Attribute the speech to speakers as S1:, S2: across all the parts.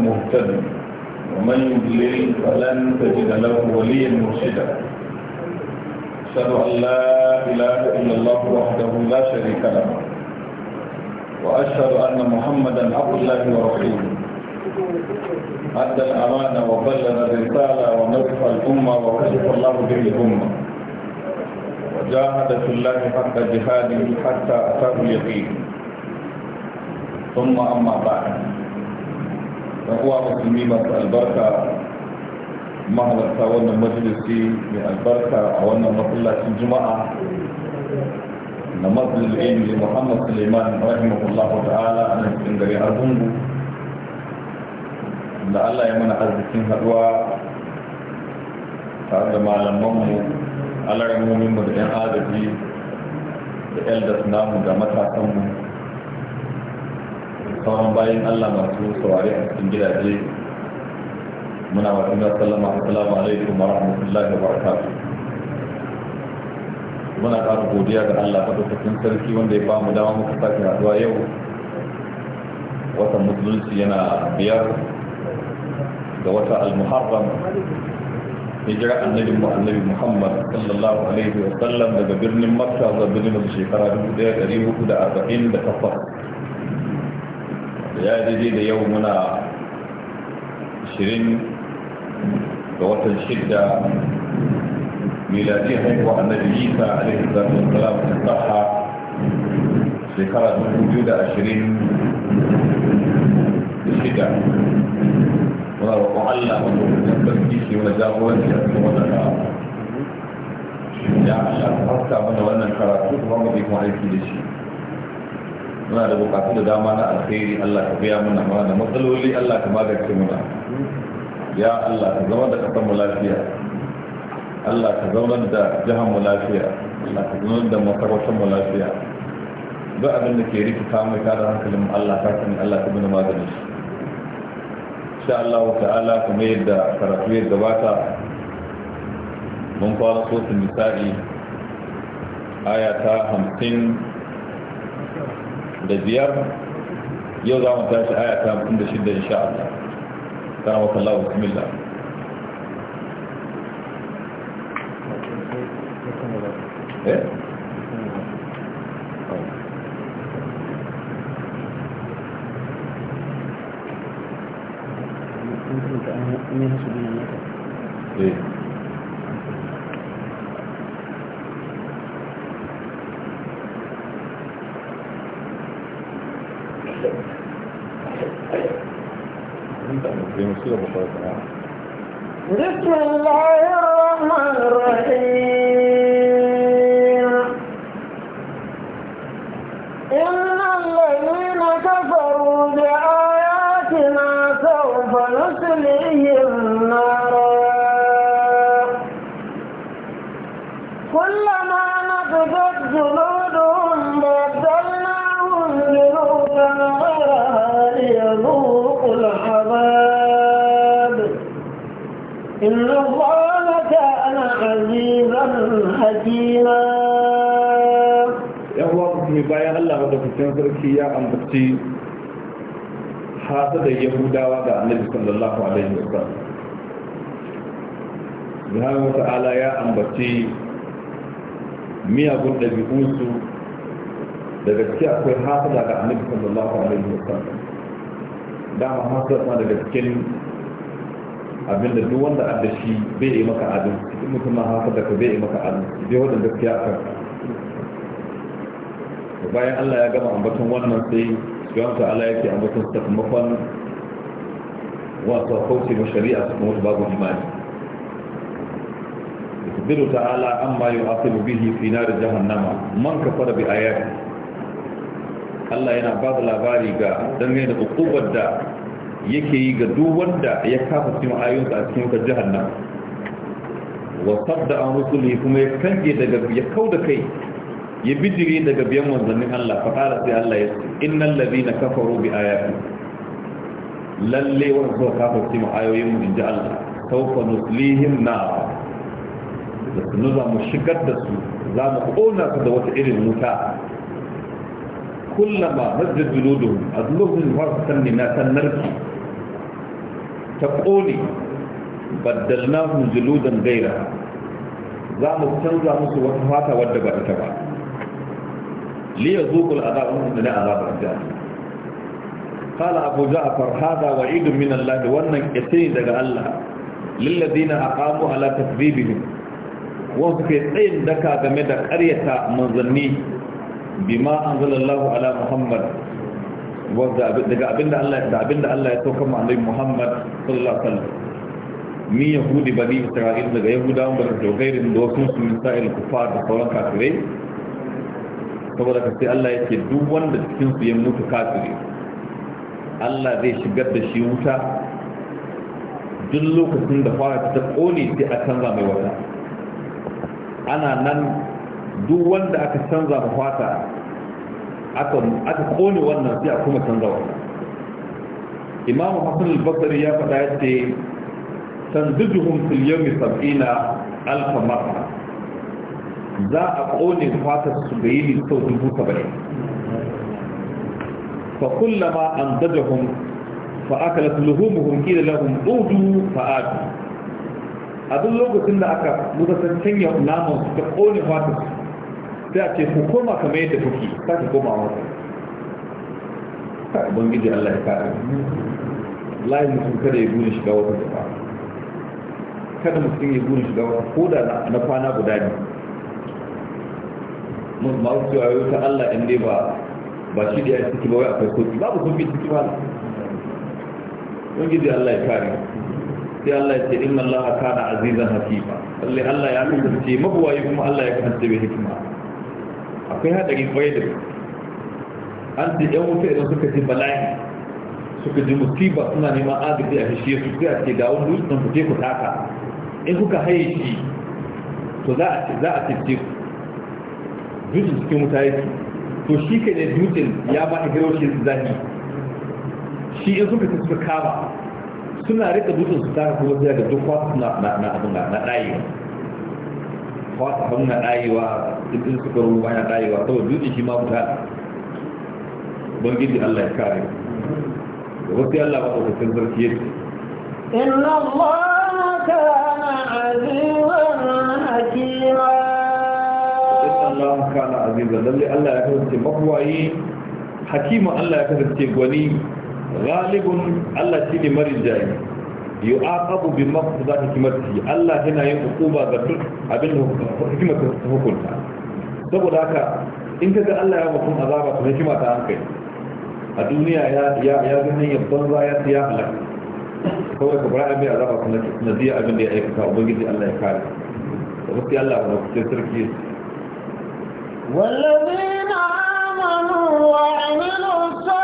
S1: مهتد ومن يضلل فلن تجد له وليا مرشدا أشهد أن لا إله إلا الله وحده لا شريك له وأشهد أن محمدا عبد الله ورسوله أدى الأمانة وبلغ الرسالة ونصح الأمة وكشف الله به الأمة وجاهد في الله حق جهاده حتى أتاه اليقين ثم أما بعد na uwa musulmi masu albarka mahalarta wannan majalisi mai albarka a wannan masallacin juma'a na masallin ilmi muhammad suleiman rahimahullah ta'ala a nan cikin gari da allah ya mana arzikin haduwa tare da malamanmu alarmominmu da 'yan agaji da eldas namu da matasanmu sauran bayan Allah masu saurari a cikin gidaje muna wa inda sallama assalamu alaikum wa rahmatullahi wa barakatuh muna ƙara godiya ga Allah madaukakin sarki wanda ya ba mu dama muka sake haɗuwa yau watan musulunci yana biyar ga wata al-muharram hijira annabi mu annabi Muhammad sallallahu alaihi wa sallam daga birnin Makka zuwa birnin shekara dubu ɗaya, ɗari da da arba'in 1448 يادي دي يومنا عشرين بوقت الشدة ميلادي حيث أن عيسى عليه الصلاة والسلام انتحى في خلال وجود عشرين الشدة وعلم التركيس ونجاب وجهك ونجاب يا أخي أنا أفكر أن أنا كراتوب muna da bukatu da dama na alkhairi Allah ka biya muna mana da matsaloli Allah ka magance muna ya Allah ka zama da kasar mu lafiya Allah ka zaunar da jihar mu lafiya Allah ka zaunar da masarautar mu lafiya duk abin da ke rikita mai kada hankalin Allah ka sani Allah ka bani maganin shi insha Allah ta'ala kuma yadda karatu ya gabata mun fara sosin misali aya ta hamsin da biyar yau za mu tashi aya ta mutum da shidda insha Allah kana wa kallahu bismillah eh من هسبنا miyagun ɗabi'unsu daga ciki akwai hasada ga annabi sallallahu alaihi wasallam dama hasada ma daga cikin abinda duk wanda adda shi bai yi maka adin cikin mutum ma hasada ka bai yi maka adin bai wadda gaskiya a kanka bayan Allah ya gama ambaton wannan sai yawan ta Allah yake ambaton sakamakon wasu kauce ma shari'a su kuma babu imani يخبر تعالى عما يعاقب به في نار جهنم من كفر بآياته Allah yana ba da labari ga dangane da hukumar da yake yi ga duk wanda ya kafa cikin ayyuka a cikin wutar jahannam wa sadda an rusuli kuma ya kange daga ya kauda kai ya bijiri daga biyan manzannin Allah fa qala sai Allah ya ce innal ladina kafaru bi ayati lalle wa zuwa kafa cikin ayoyin mu inji Allah sawfa nuslihim nar da sunu za mu shigar da su za mu ƙona su da wata irin wuta kullama masjid zuludun a zulubin wasu sanni na sannarki ta ƙone baddalna hun zuludan gaira za mu canza musu wata fata wadda ba ta ba liya zuƙul azabun da na azabar jami'a قال أبو جعفر هذا وعيد من الله وأنك إثني دقاء الله للذين أقاموا على تكذيبهم wasu ke tsayin daka game da karyata manzanni bima an Allahu ala muhammad daga abinda Allah da abinda Allah ya sauka ma annabi Muhammad sallallahu alaihi wasallam min yahudi bani isra'il daga ba da dogairin da wasu su ku kufar da sauran kafirai saboda ka sai Allah yake duk wanda cikin su ya mutu kafiri Allah zai shigar da shi wuta duk lokacin da fara ta kone sai a canza mai wata ana nan duk wanda aka canza da fata aka kone wannan sai a kuma canza wannan imamu hassan al-basari ya faɗa ya ce tanzijuhum fil yawmi sab'ina alfa marra za a kone fatar su da yini sau dubu saba'in fa kullama an dajahum fa akalat luhumuhum kila lahum udu fa'adu. a duk lokacin da aka musasantan ya naman su ta kone fata sai a ce ku koma kamar yadda kuke sake koma wata ta ubangiji Allah ya kare layin mutum kada ya gune shiga wata gaba kada mutum ya gune shiga wata ko da na kwana guda ne mun ma su ta Allah in dai ba ba shi da ya ciki ba wai akwai kofi babu kofi ciki ba ubangiji Allah ya kare sai Allah ya ce inna Allah kana azizan hakima lalle Allah ya kasance mabuwayi kuma Allah ya kasance bai hikima akwai hadari kwarai da an ce yan wuta idan suka ji bala'i suka ji musiba suna neman agaji a fishe su sai a ce ga wani dutsen ku ku taka in kuka haye shi to za a ce za a cece ku dutsen cikin wuta to shi ke ne dutsen ya ba ta gero shi zahi shi in suka ce suka kama suna rika dutsen su taka kuma sai da duk wasu na na abin na na ɗayewa kwasu abin na ɗayewa ɗin suka ruwa na ɗayewa saboda dutsen shi ma wuta ubangiji allah ya kare da wasu allah ba ɗaukakin sarki ya ce
S2: inna Allah kana azizan hakima
S1: inna allaha kana azizan lalle allah ya kasance mahuwayi hakima allah ya kasance gwani galibun Allah shi ne marijayi yi aqabu bi maqsada hikimati Allah yana yin hukuma ga duk abin da hikimar ta hukunta saboda haka in kaga Allah ya mutum azaba to hikima ta hankali a duniya ya ya ya ganin ya banza ya ya halaka kawai ka bara abin azaba kuma na ziya abin da ya aikata ubangiji Allah ya kare da sai Allah ya sai sarki amanu
S2: آمنوا وعملوا الصالحات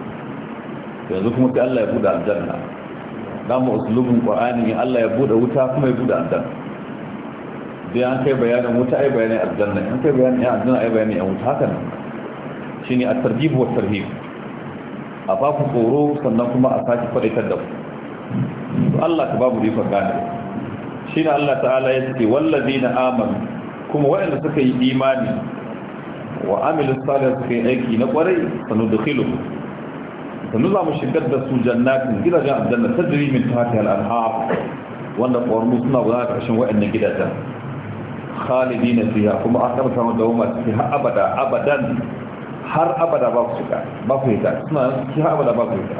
S1: yanzu kuma sai Allah ya buɗe aljanna dama usulubin qur'ani Allah ya bude wuta kuma ya bude aljanna dai an kai bayanin wuta ai bayanin aljanna an kai bayanin ya aljanna ai bayanin ya wuta haka nan shine at-targhib wa tarhib a ba ku tsoro sannan kuma a saki faɗaitar da ku Allah ka babu rifa gane shine Allah ta'ala ya ce wallazina amanu kuma waɗanda suka yi imani wa amilu salih suka yi aiki na kwarai sanudkhiluhum sannu za mu shigar da su jannatin gidajen aljanna ta jiri min ta haka al'arhab wanda ƙwarmu suna guda ƙarshen waɗannan gidajen khalidi na siya kuma an taɓa samun da Umar ki har abada abadan har abada ba ku shiga ba ku hita suna ciki har abada ba ku hita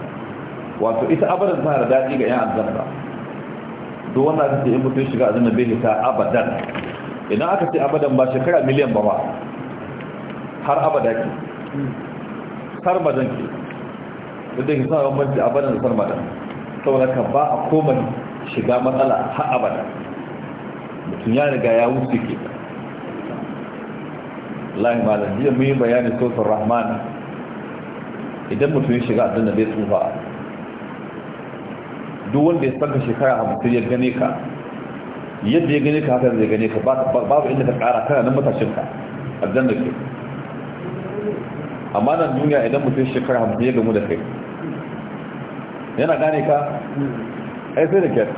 S1: wato ita abadan tana da daɗi ga 'yan aljanna duk wanda aka ce in mutum shiga zanen bai hita abadan idan aka ce abadan ba shekara miliyan ba ba har abada ke har bazan ke duk da hisa bambanci a abadan da farma da saboda ka ba a koma shiga matsala har abada mutum ya riga ya wuce ke Allah ya malam jiya mai yi bayani sosar rahman idan mutum ya shiga abin da bai tsufa duk wanda ya sanka shekara a mutum ya gane ka yadda ya gane ka haka zai gane ka babu inda ka kara kana nan matashinka abin da ke amma nan duniya idan mutum shekara hamsin ya gamu da kai yana gane ka ai sai da kyar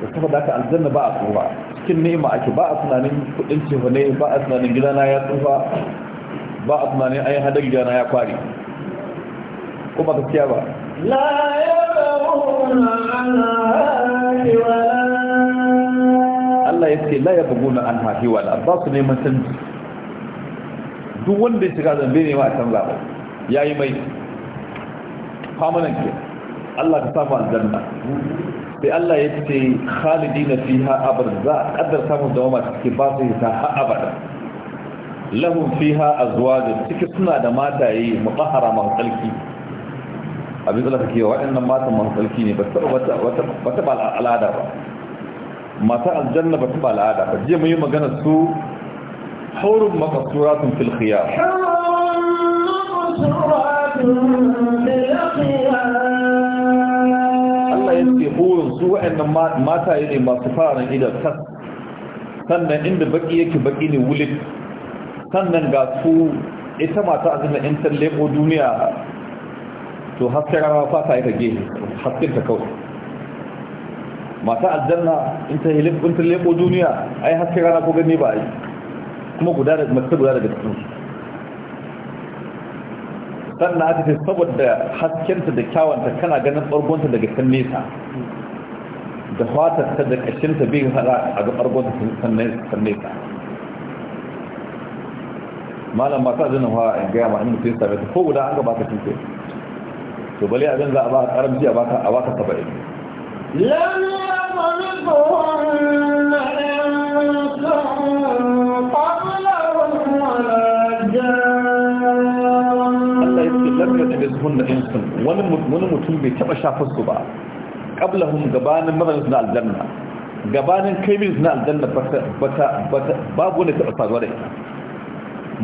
S1: da saboda ka aljanna ba a tsufa cikin nema ake ba a tunanin kudin cefa ne ba a tunanin gidana ya tsufa ba a tunanin ai hada gidana ya kwari kuma gaskiya ba
S2: la yabuna anha hiwala
S1: Allah ya ce buguna yabuna anha hiwala ba su neman canji duk wanda ya shiga zambe ne ma a can canza ya yi mai famanan kenan Allah ka samu aljanna sai Allah ya ce khalidina fiha abada za a kaddar samun dawama cikin ba su ta ha abada lahum fiha azwajun cikin suna da mataye mutahara masu tsarki abin da kake kewa waɗannan matan masu tsarki ne ba ta wata ba al'ada ba mata aljanna ba ta ba al'ada ba jiya mun yi magana su haurun makasuratun fil khiyar haurun
S2: makasuratun fil khiyar
S1: suke su waɗannan mataye ne masu fararen idan tas sannan inda baki yake baki ne wulin sannan ga su ita mata a zina intan lebo duniya to hasken rana fata ta gehe hasken ta kawai mata aljanna in ta lebo duniya ai hasken rana ko gani ba yi kuma guda da matsa guda daga cikin sannan na ta saboda haskenta da kyawanta kana ganin ɓargonta daga kan nesa da fatarta da ƙashinta bai hada a ga ɓargonta kan nesa malam ba ta zina wa gaya ma inda sai same ta ko guda an ga ka tuke to bale abin za a ba a karamci a baka a baka saba'in
S2: lam yakunu
S1: da lam yatmisuhunna sun wani mutum bai taba shafar su ba qablahum gabanin mazan na aljanna gabanin kaimin na aljanna bata bata babu ne taba faruwa da ita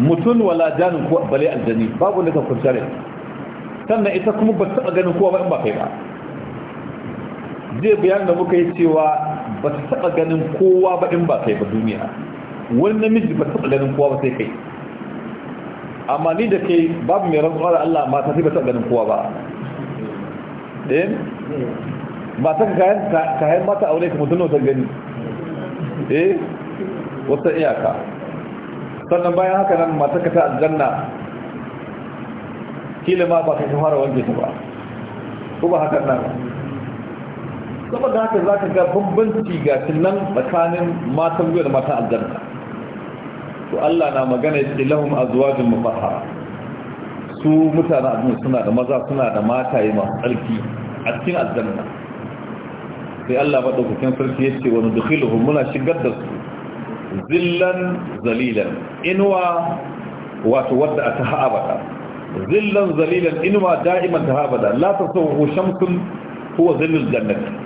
S1: mutun wala janin ko bale aljani babu ne ka kunta sannan ita kuma ba taba ganin kowa ba in ba kai ba zai bayan da muka yi cewa ba ta taba ganin kowa ba in ba kai ba duniya wani namiji ba taba ganin kowa ba sai kai amma ni da ke babu mai rantsuwa da Allah ba ta fi bata ganin kowa ba ɗin eh? ba ta kayan kayan mata aure ka mutum ta gani eh wata iyaka sannan bayan haka nan mata ka ta aljanna kila ma ba ka fara wanke su ba ko ba haka nan saboda haka za ka ga bambanci ga nan tsakanin matan biyu da matan aljanna to Allah na magana ya ce lahum azwajun mutahhara su mutane abin suna da maza suna da mataye masu tsarki a cikin aljanna sai Allah madaukakin sarki yace wa nudkhiluhum muna shigar da su zillan zalilan inwa wato wadda aka haɓata zillan zalilan inwa da'iman ta haɓata la tasawu shamsun huwa zillul jannati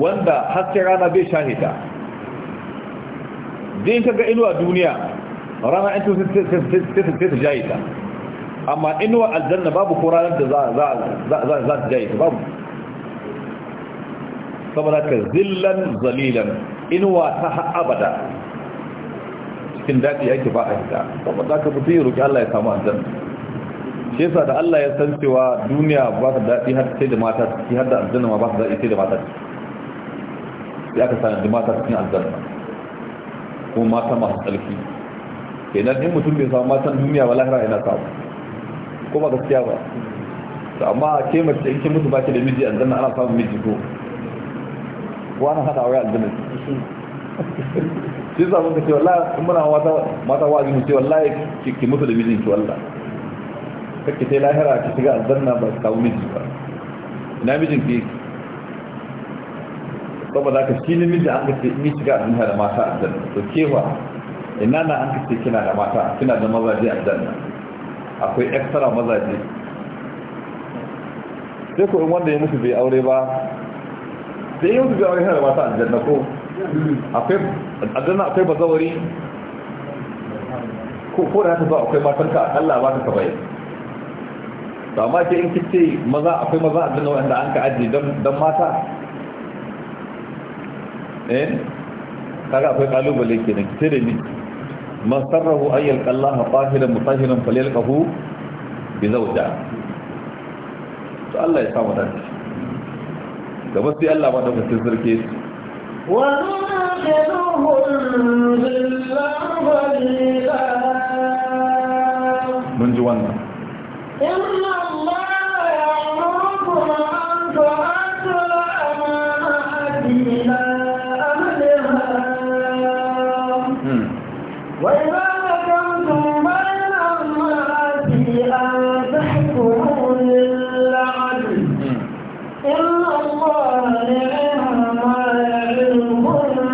S1: wanda haske rana bai shahida din ka ga inuwa duniya rana an tun sai ta jayi ta amma inuwa aljanna babu ko ranar da za ta jayi ta babu saboda ka zillan zalilan inuwa ta abada cikin daɗi yake ba a hita saboda ka mutum yi roƙi Allah ya samu aljanna shi yasa da Allah ya san cewa duniya ba ta daɗi har sai da mata ciki har da aljanna ma ba ta daɗi sai da mata ciki ya ka sanar da mata cikin aljanna ko mata masu tsarki kenan in mutum bai samu matan duniya ba lahira yana samu ko ba gaskiya ba to amma ke mace in kin mutu ba ki da miji an zanna ana samun miji ko ko ana hada waya aljanna shi sa ka ce wallahi in muna mata mata wa'azi mu ce wallahi ki mutu da miji ki wallahi kake sai lahira ki shiga aljanna ba ka samu miji ba ina ki saboda haka shi ne da an kace ni shiga aljanna da mata a aljanna to kewa ina na an kace kina da mata kina da mazaje aljanna akwai extra mazaje sai ko wanda ya mutu bai aure ba sai ya mutu bai aure yana da mata aljanna ko akwai aljanna akwai bazawari ko ko da haka ba akwai matan ka Allah ba ka bai To amma ke in kice maza akwai maza a aljanna wanda an ka ajiye dan mata eh kaga akwai kalubale kenan Sai da ni man sarrahu an yalqa Allah qahiran mutahiran falyalqahu bi zawja to Allah ya samu dace gaba sai Allah ma da mutum sarki
S2: wa mun ji wannan inna Allah ya'muru وإذا حكمتم بين الناس أن تحكموا للعدل إن الله نعم ما يعلمكم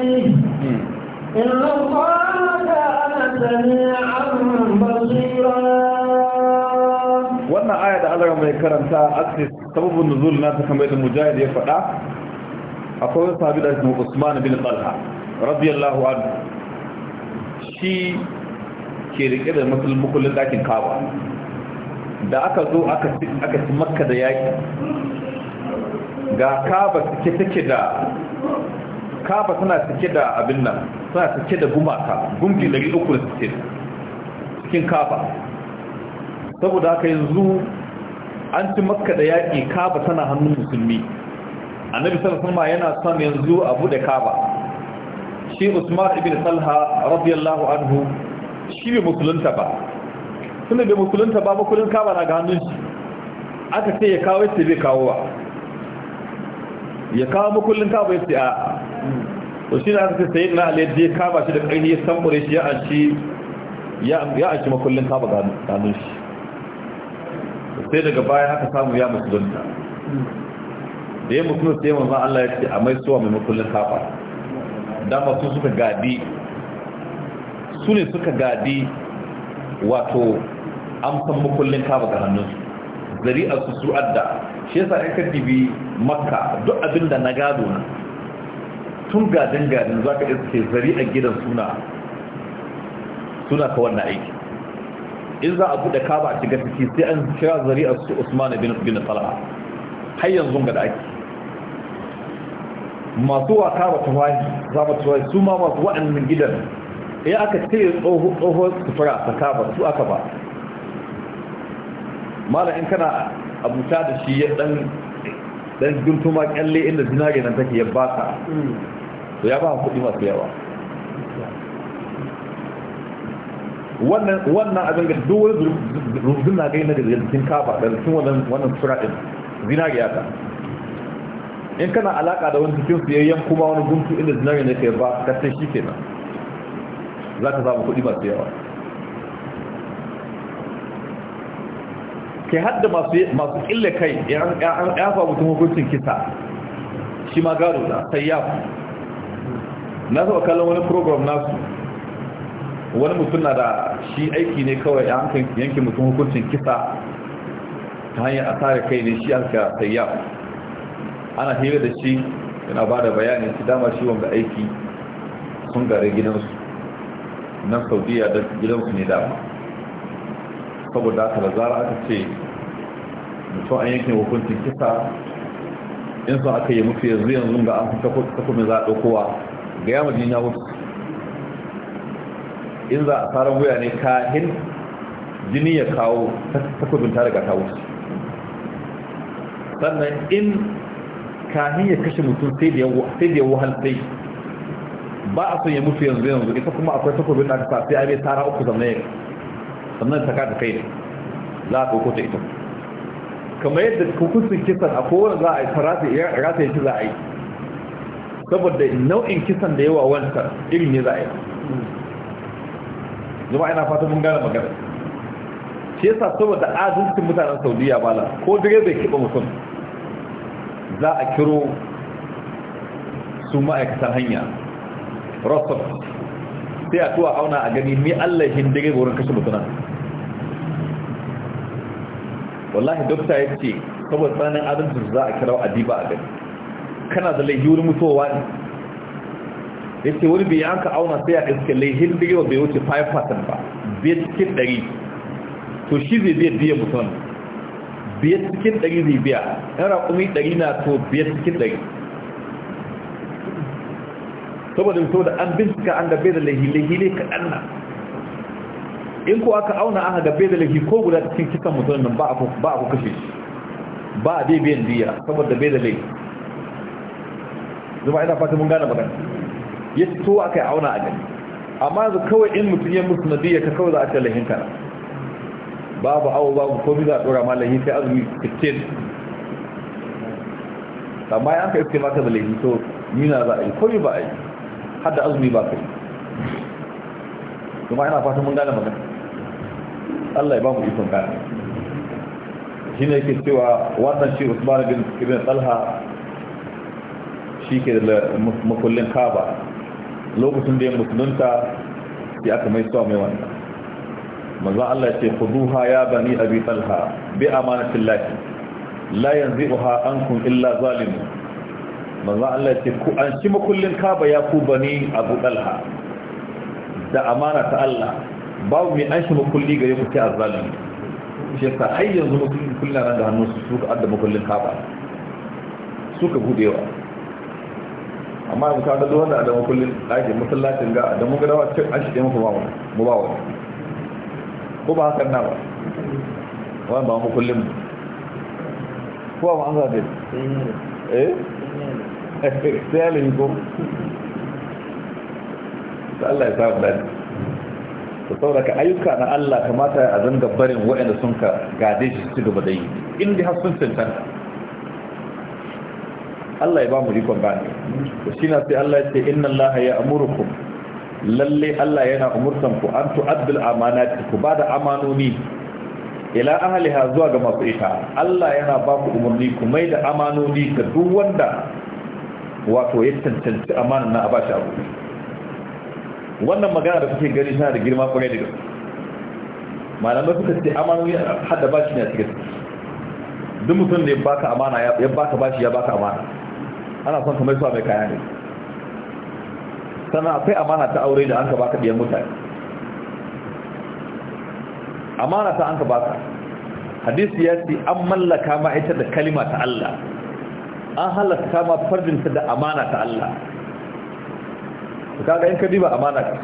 S2: به إن الله كان سميعا بصيرا
S1: wannan aya da Allah mai karanta aksi sababin nuzul na ta kamar da mujahid ya faɗa akwai sahabi da Usman bin Talha radiyallahu anhu shi ke rike da mukullin dakin kaba, da aka zo aka ci makka da yaƙi ga kaba suke take da kaba tana cike da abin nan tana cike da gumaka gumbi 360 cikin kaba saboda haka yanzu an ci makka da yaƙi kaba tana hannun musulmi annabi sallallahu alaihi wasallam yana son yanzu a bude kaba shi usman ibn salha radiyallahu anhu shi bai musulunta ba tunda bai musulunta ba makulin kaba na ga hannun shi aka ce ya kawo yace bai kawo ba ya kawo makulin kaba yace a to shi ne aka ce sayyid na alayyadi ya kaba shi da ƙarni ya samure shi ya anci ya anci makullin kaba ga hannun shi sai daga baya haka samu ya musulunta da ya musulunta ya manzan Allah ya ce a mai suwa mai makullin kaba dama su suka gadi su ne suka gadi wato amsan makullin kaba ga hannunsu zari'ar su su'ad da shi yasa ya ka dibi makka duk abin da na gado na tun gadin gadin za ka iske zari'ar gidan suna suna ka wannan aiki in za a buɗe kaba a shiga ciki sai an kira zari'ar su usman bin salama har yanzu ga da ake masu wata ba wani za ba wani su ma masu waɗannan gidan ya eh, aka ce tsohon sufura ta ba su aka ba mala in kana abuta da shi ya ɗan dan guntuma ƙyalle inda zinare nan take ya baka to ya ba kuɗi masu yawa wannan abin da duk wani rubutun na gai na da jikin kafa da cikin wannan sufura ɗin din zinare ya ka in kana alaka da wani cikin siyayyen kuma wani guntu inda zinari ne kai ba ka sai shi kenan za ka samu kuɗi masu yawa kai hadda masu ƙille kai yan yafa mutum hukuncin kisa shi ma gado na sai yafa na saba kallon wani program nasu wani mutum na da shi aiki ne kawai yankin mutum hukuncin kisa ta hanyar a tsare kai ne shi aka sai yafa ana hira da shi yana ba da bayani su dama shi wanda aiki sun gare gidansu nan saudiya da gidansu ne dama saboda haka lazara aka ce mutum an yankin hukuncin kisa in sun aka yi mutu yanzu yanzu ga an tafi mai zaɗo kowa ga yamma jini ya wuce? in za a tsarin wuya ne kahin jini ya kawo takobin ta daga ta wuce sannan in kahin ya kashe mutum sai da ya wahal sai ba a son ya mutu yanzu yanzu ita kuma akwai takobin da aka sai a bai tara uku zama ya sannan ta kada kai ne za a ɗauko ta ita kamar yadda hukuncin kisan a kowane za a yi ta rata ya ci za a yi saboda nau'in kisan da yawa wancan irin ne za a yi jama'a ina fata mun gane magana shi yasa saboda adalcin mutanen saudiya bala ko direba ya kiɓa mutum za a kiro su ma'aikatan hanya rossof sai a tuwa auna a gani mai allahin dare wurin kashe mutunan wallahi dokta ya ce saboda tsananin adalcin za a kira adiba a gani kana da laihi wurin mutuwa ne ya ce wani bai ka auna sai a iske laihin dare bai wuce 5% ba biyar cikin 100 to shi zai biya biyan mutunan biya cikin ɗari zai biya ɗan raƙumi ɗari na to biya cikin ɗari saboda so da an bincika an gabe da lahi-lahi ne kaɗan na in ko aka auna aka gabe da lahi ko guda cikin cikin mutum nan ba a ku kashe shi ba a dai biyan diya saboda bai da lahi zama ina fata mun gane magana ya ci to aka yi auna a gani amma yanzu kawai in mutum ya musu na diya ka kawai za a ce lahin kana babu awo babu komi za a dora ma lahi sai azumi 15 amma ya an ka iske maka da laifin to nuna za a yi komi ba a yi har da azumi ba ka yi kuma ina fatan mun gane magana Allah ya ba mu ikon gane shi ne ke cewa wannan shi usman bin ibn talha shi ke da makullin kaba lokacin da ya musulunta ya aka mai suwa mai wannan manzo Allah ce khuduha ya bani abi talha bi amanatillahi la yanzi'uha ankum illa zalim manzo Allah ce ku an shi makullin kaba ya ku bani abu talha da amana ta Allah babu mai an shi makulli gare ku ce azzalim shi ta har yanzu makullin kullun ran da hannu su suka adda makullin kaba suka budewa amma yanzu ka ga duk wanda da makullin ɗakin masallacin ga da mun ga dawa ce an shi ɗaya muku ba mu ba wani ko ba hakan na ba wani ba mu kullum ko ba an zaɓe eh sai alayi ko Allah ya sabu dani ta sauraka ayyuka na Allah kamata a zanga barin waɗanda sun ka gade shi su gaba da yi inda da sun cancanta Allah ya ba mu rikon ba to shi na sai Allah ya ce inna Allah ya amurukum lalle Allah yana umurtan ku an tu'addul amanat ku bada amanoni ila ahliha zuwa ga masu ita Allah yana ba ku umurni ku mai da amanoni ga duk wanda wato ya tantance amanan na a bashi abu wannan magana da kuke gani tana da girma kwarai da gaske malamai suka ce amanoni hada bashi ne a cikin duk mutum da ya baka amana ya baka bashi ya baka amana ana son kamar su mai kaya ne sannan akwai amana ta aure da an ka baka biyan mutane amana ta an ka baka hadisi ya ce an mallaka ma ita da kalima ta Allah an halatta ma fardinta da amana ta Allah kaga in ka diba amana ka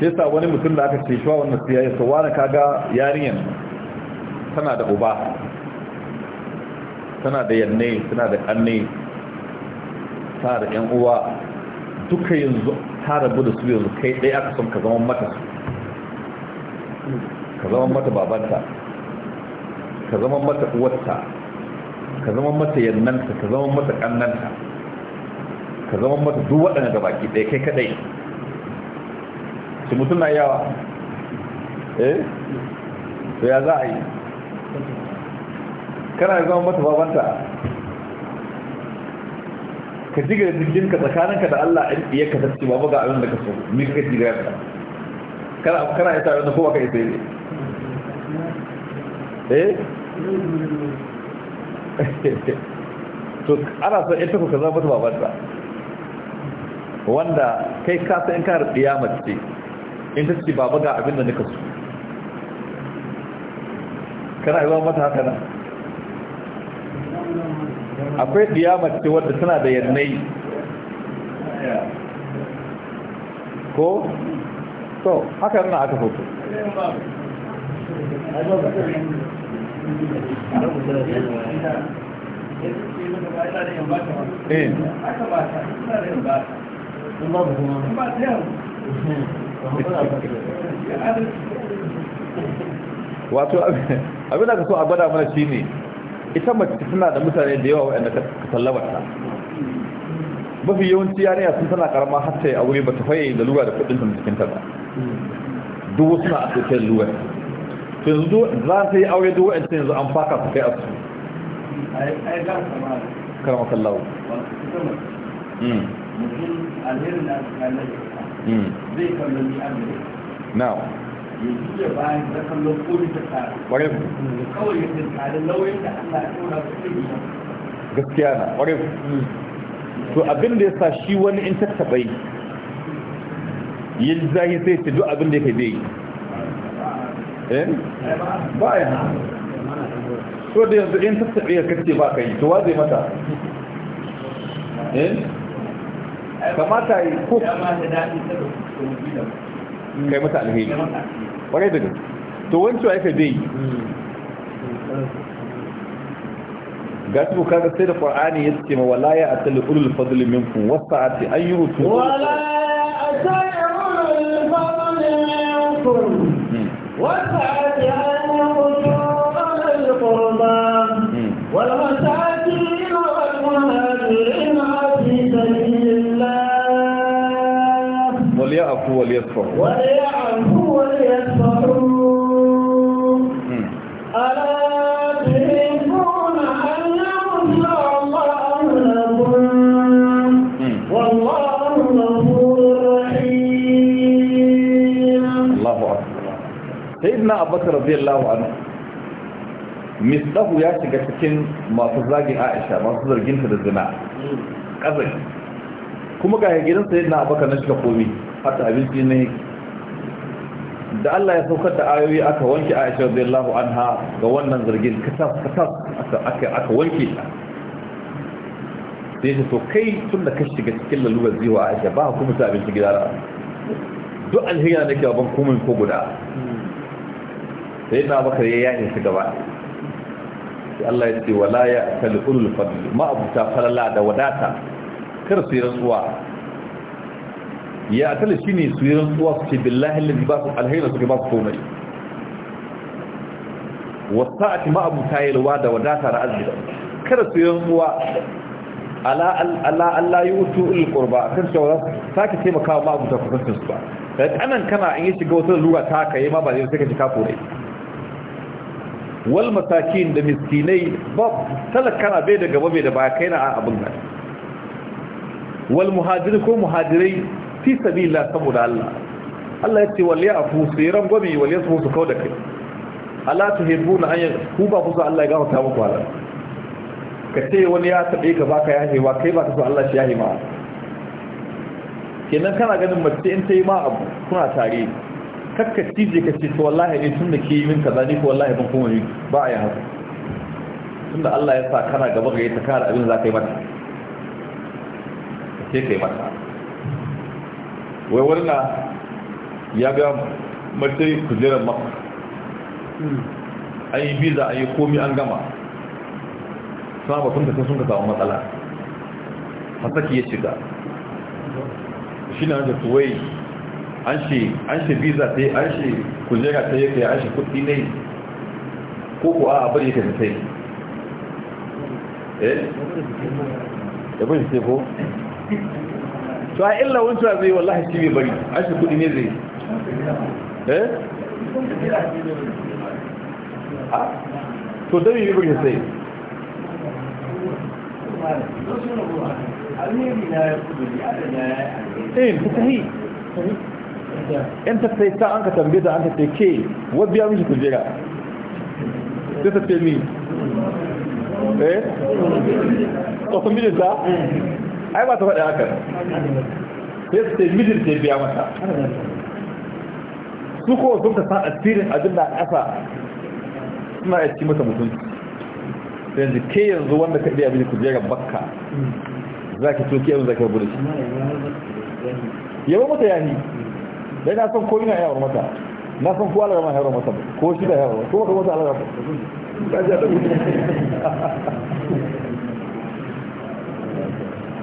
S1: sai sa wani mutum da aka ce shi wannan sai ya sawa na kaga yarinyan tana da uba tana da yanne tana da kanne tana da yan uwa duka yanzu ta rabu da su yanzu kai ɗaya aka son ka zama mata ka zama mata babanta ka zama mata uwarta ka zama mata yannanta ka zama mata kannanta ka zama mata duk waɗanda da baki ɗaya kai kaɗai shi mutum na yawa eh to ya za a yi kana zama mata babanta ka jiga jikinka tsakaninka da Allah in iya ka tafi ba ga abin da ka so ni ka jiga ka kana kana ita abin da kowa ka ita ne eh to ana so ita ko ka zama ta babanta wanda kai ka san ka ya mace in ta ce baba ga abin da nika so kana yi mata haka nan akwai ɗiyamar ce wadda suna da yannai ko? so haka yana aka hoto eh. wato abin da ka so a gwada mana shi ne ita mace tana da mutane da yawa waɗanda ka sallama mafi yawanci yariya sun tana karama har ta yi aure ba ta faye da lura da kudin ta cikin ba duk wasu na asirce da lura to yanzu za ta yi aure duk waɗanda yanzu an faka su kai a
S3: su
S1: karama sallawa hmm. hmm. zai kallon ni kawai da ya to abin ya sa shi wani in yi, yi zahi sai ce duk abin da eh? ya yi ya? so da yanzu in tattaɓe ya kace ba ka yi to wa zai mata eh? kamata yi ko kai masa alheri kwarai da gaske to wancan aka bai yi ga su kaga sai da qur'ani ya ce ma wala ya atal ulul fadl minkum wasa'ati an yi yutu wala atal ulul fadl
S2: wasu hmm. wasa'ati
S1: وليصفحوا وليعفوا وليصفحوا
S2: ألا تحبون أن الله والله رحيم
S1: الله أكبر سيدنا رضي الله عنه misdahu ya shiga cikin masu zagin aisha masu zarginta da zina ƙazai kuma ga gidansa yadda abaka na shiga komi hatta abinci ne da Allah ya saukar da ayoyi aka wanke Aisha radiyallahu anha ga wannan zargin katas katas aka aka wanke sai ta to kai tun da ka shiga cikin lalurar ziwa Aisha ba kuma ta abinci gida duk alhira da ke ban kuma ko guda sai na baka ya yaye su gaba sai Allah ya ce wala ya kal fadl ma abuta falala da wadata kar su yi ya akalla shine su yi rantsuwa su ce billahi lalzi ba su alhaira suke ba su komai wasa a cima abu ta yalwa da wadata da arziki kada su yi rantsuwa ala Allah yi wutu ilkurba a kan shawara su, sake taimaka wa ma'abuta kusancinsu ba da kanan kana an yi shiga wata lura ta ka yi ma ba zai sai ka shiga kore wal masakin da miskinai ba talakana bai da gaba bai da baya kai na abin nan wal muhajirin ko muhajirai fi sabila saboda Allah Allah ya ce walli afu siran gobi walli su su kauda kai hebu na an ku ba ku so Allah ya gafarta muku halal ka ce wani ya tabe ka baka yahewa kai ba ka so Allah shi yahima kenan kana ganin mace in tayi ma abu kuna tare kakka tije ka ce to wallahi ne tun da ke yi min kaza ni ko wallahi ban kuma yi ba a yi haka tun da Allah ya sa kana gaba ga ta kara abin za ka yi mata sai ka yi mata wai wurin ya ga matai kujerar maka hmm. an yi biza an yi komi an gama suna sun ta sun ka samu matsala masaki ya shiga shi na wajen tuwai an shi biza ta yi an shi kujera ta yi an shi kudi ne ko kuwa a bari ka ta eh? ya bari ta ko? to a illa wancan zai wallahi shi mai bari a shi kudi ne zai eh
S3: ah? to dami bai bari sai
S4: in ta sahi
S1: in ta sai ta an ka tambaye ta an ka ce ke wadda ya mishi kujera sai ta ce mi eh? ƙwasan mijinta? ai ba ta faɗi haka sai su ce mijin ta biya mata su ko sun ta san asirin abin da ƙasa suna ya ci masa mutunci yanzu ke yanzu wanda ka biya mijin kujerar bakka za ki toke yanzu za ka rabu da shi yabo mata yani dai na san ko yana yawa mata na san ko alarama yawar mata ko shi da yawar ko mata mata alarama ta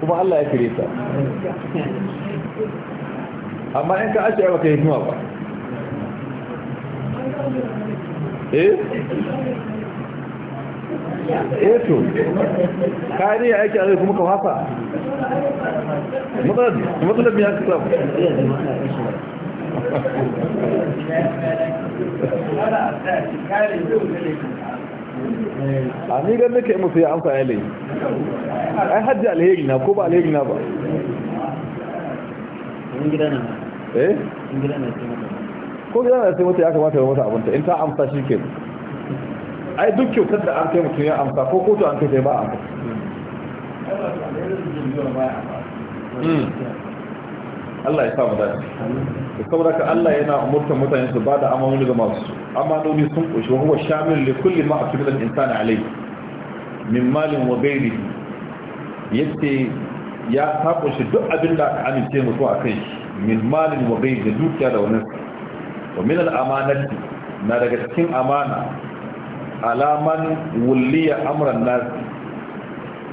S1: kuma Allah ya kire ta amma in ka ashe baka yi kuma ba eh eh to kai ne aiki a kuma ka hafa wasa matsalar biya ka samu
S4: Thank ne
S1: a ni gan nake musu ya amsa lai ai hajji alheri na ko ba alheri na ba eh? ko gida na sai mata ya kamata ya mata abinta in ta amsa shi ke ai duk kyautar da an kai mutum ya amsa ko kotu an kai sai ba amsa hmm. Hmm. Allah ya sa mu dace da saboda Allah yana umurtar mutane su bada amanoni ga masu amanoni sun kushi wa huwa shamil li kulli ma aqbala al-insani alayhi min malin wa ghairihi yace ya sako shi duk abin da aka amince mutu a kai min malin wa ghairihi da dukiya da wani wa min al-amanati na daga cikin amana alaman wulliya amran nas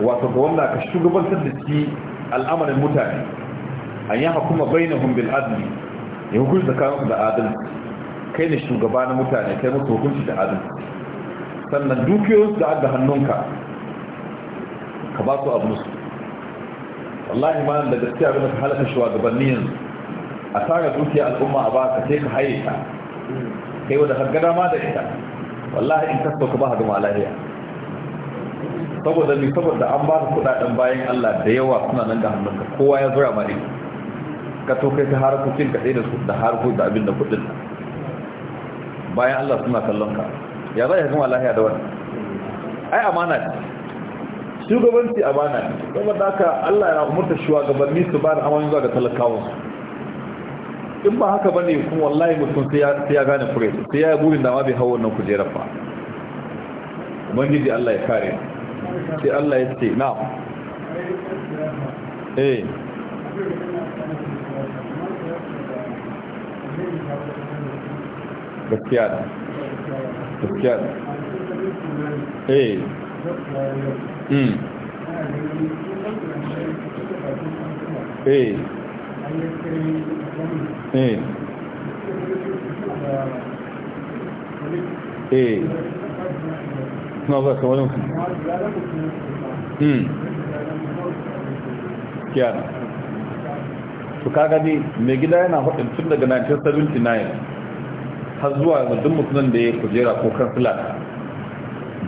S1: wato ga wanda ka shugabantar da shi al'amarin mutane an yi hukuma bainahum bil adli ya hukunci tsakaninsu da adalci kai ne shugaba na mutane kai musu hukunci da adalci sannan dukiyoyinsu da adda hannunka ka ba su abu musu wallahi ma da gaskiya ga ka halaka shugabanni yanzu a tara dukiya al'umma a baka sai ka haye ta kai wanda har gada ma da ita wallahi in kasto ka ba ga lahiya saboda ni saboda an ba ka kudaden bayan Allah da yawa suna nan da hannunka kowa ya zura ma ne. ka to kai ta harkokin ka da su da harko da abin da kudin bayan Allah suna kallon ka ya za yi kuma lahiya da wani? ai amana ne shugabanci amana ne kuma da haka Allah yana umurta shugabanni su ba da amana zuwa ga talakawa in ba haka bane kuma wallahi mutum sai ya gane kure sai ya burin da ma bai hawo wannan kujerar ba ubangiji Allah ya kare sai Allah ya ce na'am eh gaskiya da gaskiya da eh hmm eh eh eh no ba ka wani
S3: mm kiyar
S1: su mai gida yana hudun tun daga 1979 har zuwa yanzu duk mutumin da ya kujera ko kan fila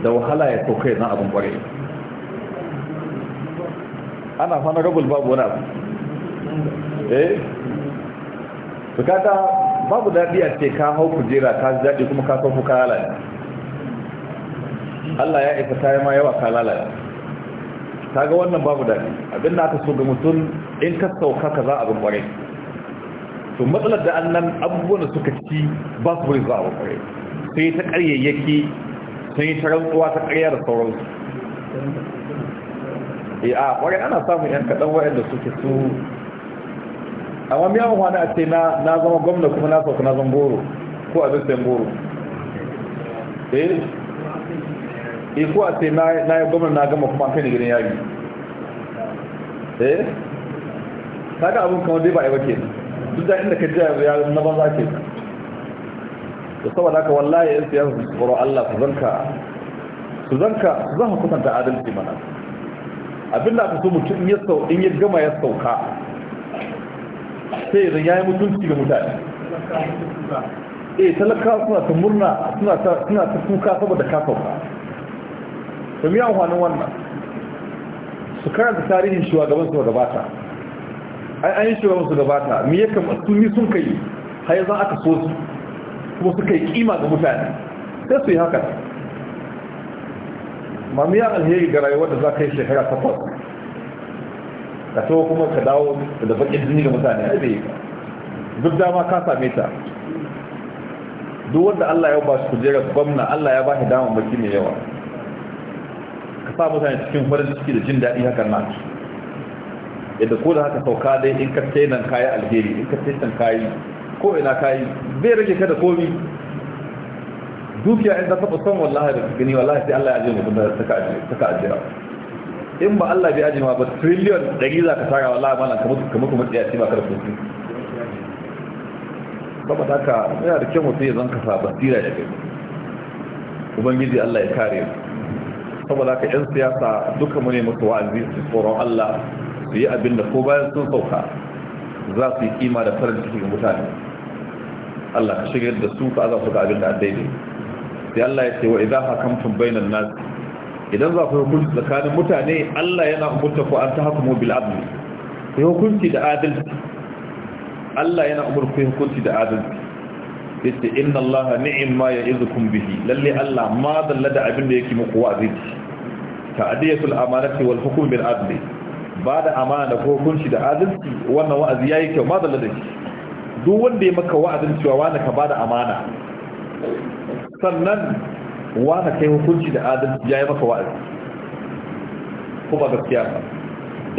S1: da wahala ya kokai na abin kware ana fana rubul babu wani abu eh bukata babu daɗi a ce ka hau kujera ka ji daɗi kuma ka sauko ka lalata. Allah ya isa ta yi ma yawa ka lalata. ta ga wannan babu daɗi abin da aka so ga mutum in ka sauka ka za abin kware to matsalar da annan abubuwan da suka ci ba su bari zuwa sun sai ta karyayyaki sun yi ta rantsuwa ta karya da sauransu eh, a kwarai ana samun yan kaɗan wayanda suke su amma miya wani a ce na zama gwamna kuma na sauka na zan goro ko a zai goro eh? eh ko a ce na yi gwamna na gama kuma kai ne gidan yari eh ta ga abin kama dai ba a yi ba kenan duk da inda ka ji ya na banza ke da saboda haka wallahi yan siyasa su tsoro Allah su zanka su zanka za mu kusanta adalci mana abinda aka so mutum ya sau in ya gama ya sauka sai idan ya yi mutunci ga mutane eh talaka suna ta murna suna ta kuka saboda ka sauka to me amfanin wannan su karanta tarihin shugaban su bata. ai an yi shiga musu gabata me ya kama sunni sun kai har za aka so su kuma suka yi kima ga mutane sai su yi haka ya alheri ga rayuwar da za ka yi shekara takwas ka to kuma ka dawo da bakin jini ga mutane a bai yi ba duk dama ka same ta duk wanda Allah ya ba shi kujerar gwamna Allah ya ba shi damar baki mai yawa ka sa mutane cikin farin ciki da jin daɗi hakan na yadda ko da haka sauka dai in ka tainan kayan alheri in ka tainan kayi ko ina kayi zai rage ka da komi dukiya in za ta son wallahi da gani wallahi sai Allah ya ajiye mutum da saka ajiyar in ba Allah bai ajiye ma ba triliyon ɗari za ka tara wallahi malam ka mutu mutu ya ce ba ka da sosai ba ba da ka yana da kyau mutum ya zan kasa basira kai ubangiji Allah ya kare saboda ka 'yan siyasa duka mu ne a wa'azi tsoron Allah su yi abinda ko bayan sun sauka za su yi kima da farin ciki ga mutane Allah ka shiga da su ka za su ga abinda da daidai sai Allah ya ce wa idan hakamtum bainan nas idan za ku hukunci tsakanin mutane Allah yana umurta ku an ta tahkumu bil adl ku hukunci da adalci Allah yana umurta ku hukunci da adalci yace inna allaha ni'ma ya'izukum bihi lalle allah ma dalla da abin da yake muku wa'azi ta'diyatul amanati wal hukm bil adl ba da amana ko kunshi da adalci wannan wa'azi ya yi kyau ma da shi duk wanda ya maka wa'azin cewa wani ka ba da amana sannan wani kai hukunci da adalci ya yi maka wa'azi ko ba gaskiya ba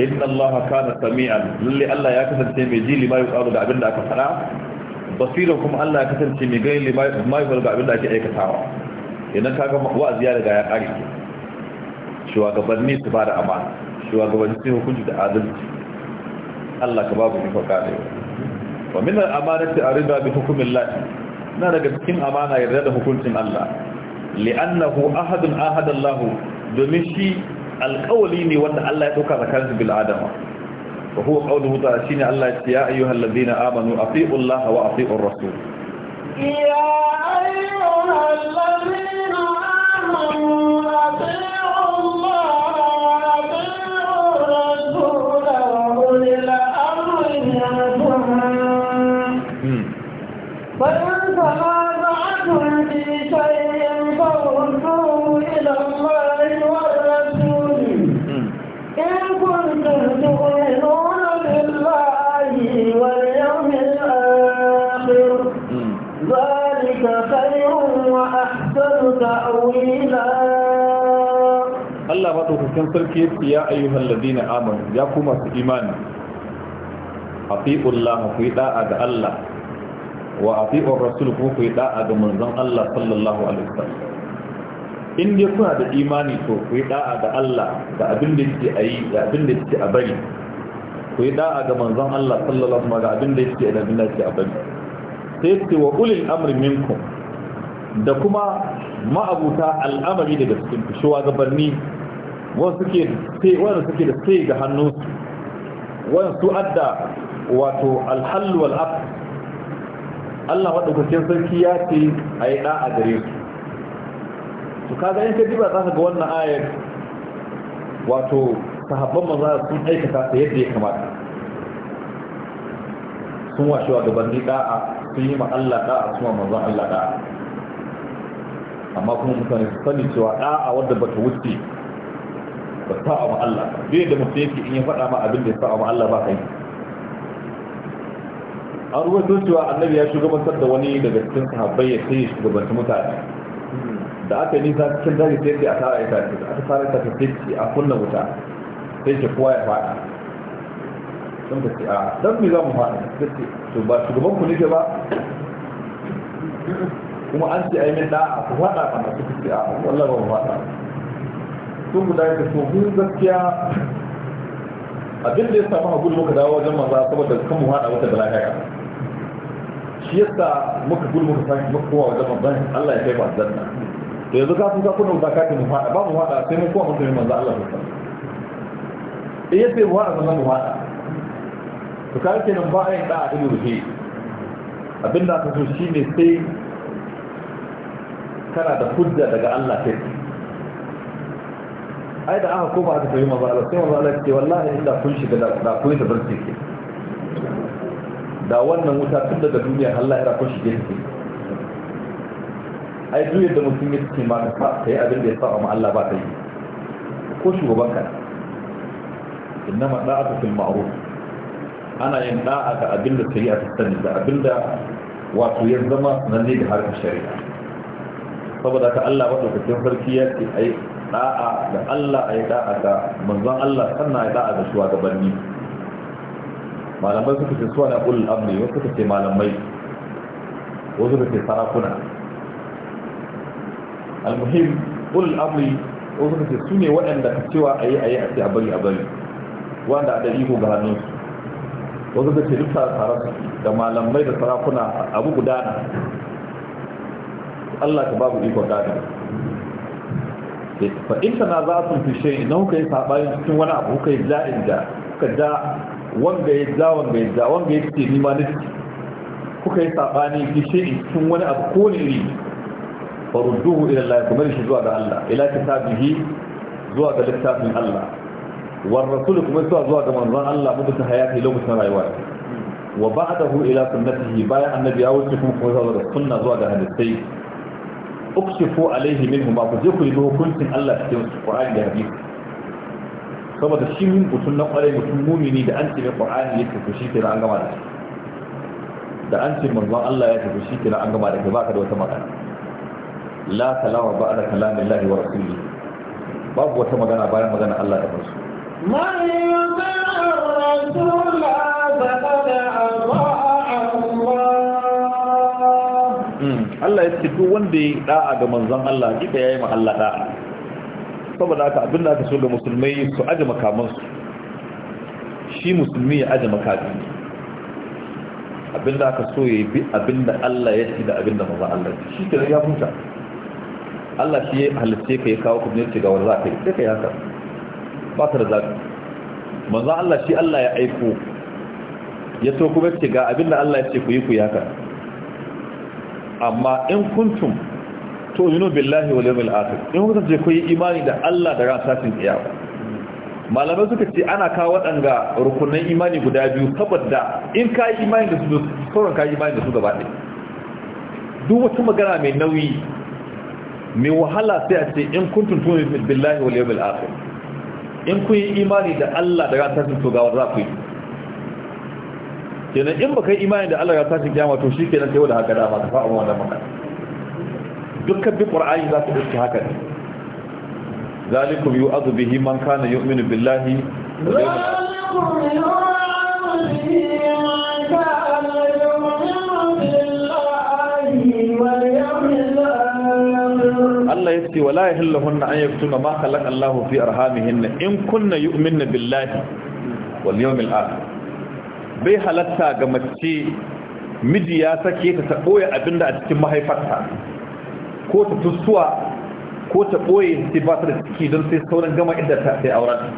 S1: inna Allah kana sami'an lalle Allah ya kasance mai ji lima yuqadu da abin da aka fara basiran kuma Allah ya kasance mai gani lima yuqadu da abin da ake aikatawa idan kaga wa'azi ya riga ya kare shugabanni su ba da amana shugabanni sai hukunci da adalci Allah ka babu ni faka da wa min al-amanati arida bi hukmillah na daga cikin amana yarda da hukuncin Allah li'annahu ahadun ahada Allah domin shi alƙawali ne wanda Allah ya dauka tsakanin bil adama wa huwa qawluhu ta'ala shine Allah ya ce ya ayyuhalladhina amanu atiiu Allah wa atiiu ar-rasul
S2: ya ayyuhalladhina amanu
S1: madaukakin sarki ya ya ayyuhal ladina amanu ya ku masu imani atiullah ku yi da'a ga Allah wa atiur rasul ku ku yi da'a ga manzon Allah sallallahu alaihi wasallam in dai kuna da imani to ku yi da'a ga Allah da abin da yake ayi da abin da yake a bari ku yi da'a ga manzon Allah sallallahu alaihi wasallam ga abin da yake da abin da yake a bari sai ce wa ulil amri minkum da kuma ma'abuta al'amari daga cikin shugabanni wanda suke da sai ga hannu wanda su adda wato alhallu wal'af Allah kusurken sarki ya ce a yi ɗa a gare su su kaga yanka diba za ka ga wannan ayar wato sahabban maza sun aikata ta yadda ya kamata sun washe wa gabanni ɗa'a, sun yi ma Allah sun wa manzon Allah ɗa'a, amma kuma mutane su sani cewa ɗa'a wadda bata wuce ba sa'a ma Allah bai da mutum yake in ya faɗa ma abin da ya sa'a ma Allah ba kai an rubuto cewa annabi ya shugabantar da wani daga cikin sahabbai ya sai shugabanci mutane da aka nisa cikin daji sai a tara ita ce aka tara ita ta sai a kunna wuta sai ce kowa ya faɗa sun ta ce a dan me za mu faɗa ta ce to ba shugaban ku nike ba kuma an ce yi min da'a ku faɗa kana ku ce a wallahi ba mu faɗa sun guda ka so mun gaskiya abin da ya samu gudu muka dawo wajen maza saboda kan mu hada wata da lafiya shi yasa muka gudu muka sake muka kowa wajen maza Allah ya kai ba zanna to yanzu ka sun ka kuna kake mu hada ba mu hada sai mun kowa mun kai maza Allah ya alaihi eh yace mu hada zaman mu hada to kai kenan ba ai da abin ruhi abin da ka so shine sai kana da hujja daga Allah kai ai da aka koma aka tafi manzo Allah sai manzo Allah ce wallahi inda kun shiga da da kun da ce ke da wannan wuta tun daga duniya Allah ya kun shige ce ai duk da mutum ya ce ma ka kai abin da ya sa amma Allah ba ta yi ko shugaban ka Inna da'atu fil ma'ruf ana yin da'a ga abin da shari'a ta sani da abin da wato ya zama sananne da harkar shari'a saboda ka Allah madaukakin sarki ya ce ai da'a da Allah a yi da'a da manzon Allah sannan a da'a da shugabanni malamai suka ce suwa na ulul amri wasu suka ce malamai wasu suka ce sarakuna almuhim ulul amri wasu suka ce su ne waɗanda ka cewa a yi a yi a ce a bari a bari wanda a da iko ga hannunsu wasu suka ce duk tare da malamai da sarakuna abu gudana Allah ka babu iko gadi fa in sana za su fi shi idan kuka yi saɓani cikin wani abu kuka yi ja'in da kuka ja wanga ya za wanga ya za wanga ya ce ni ma nufi kuka yi saɓani fi shi cikin wani abu ko ne iri farudduhu ila Allah kuma shi zuwa ga Allah ila kitabihi zuwa ga littafin Allah war rasul kuma zuwa zuwa ga manzon Allah mutu ta hayati lokacin rayuwa wa ba'dahu ila sunnatihi bayan annabi ya wuce kuma kuma zuwa ga sunna zuwa ga hadisi ukshifu alaihi minhum ba ku je ku yi hukuncin Allah cikin Qur'ani da hadisi saboda shi min mutum na kwarai mutum mumini da an ce mai Qur'ani ya tafi shi kira an gama da shi da an ce manzon Allah ya tafi shi kira an gama da shi baka da wata magana la da ba'da kalamillahi wa rasulihi babu wata magana bayan magana Allah da manzo
S2: man yuzi rasul faqad
S1: Allah ya ce duk wanda ya da'a ga manzon Allah duka yayi yi Allah da'a saboda haka abin da aka so ga musulmai su aje makamansu shi musulmi ya aje makami abin da aka so ya bi abin da Allah ya ce da abin da manzon Allah ya shi kenan ya huta Allah shi ya halitta ka ya kawo kuma ya ce ga wanda zaka yi sai ka ba ta da zaka manzon Allah shi Allah ya aiko ya so kuma ce ga abin da Allah ya ce ku yi ku haka. amma in kuntum tu'minu billahi wa yawmil akhir in kuka je ku yi imani da Allah da ran satin kiyama malamai suka ce ana kawo waɗanga rukunan imani guda biyu saboda in ka yi imani da su sauran ka imani da su gaba ɗaya duk wata magana mai nauyi mai wahala sai a ce in kuntum tu'minu billahi wa yawmil akhir in kun yi imani da Allah da ran satin to ga za ku yi kenan in baka yi imani da Allah ya tashi kiyama to shikenan sai wanda haka da ba ka fa'a wannan maka dukkan bi qur'ani za ka dace haka ne zalikum yu'adhu bihi man kana yu'minu billahi Allah ya ce wala yahilluhunna an yaktuma ma khalaqa Allahu fi arhamihinna in kunna yu'minna billahi wal yawmil akhir bai halatta ga mace miji ya sake ta taɓoye abinda a cikin mahaifarta ko ta tussuwa ko ta ɓoye sai ba ta da ciki don sai sauran gama inda ta sai auren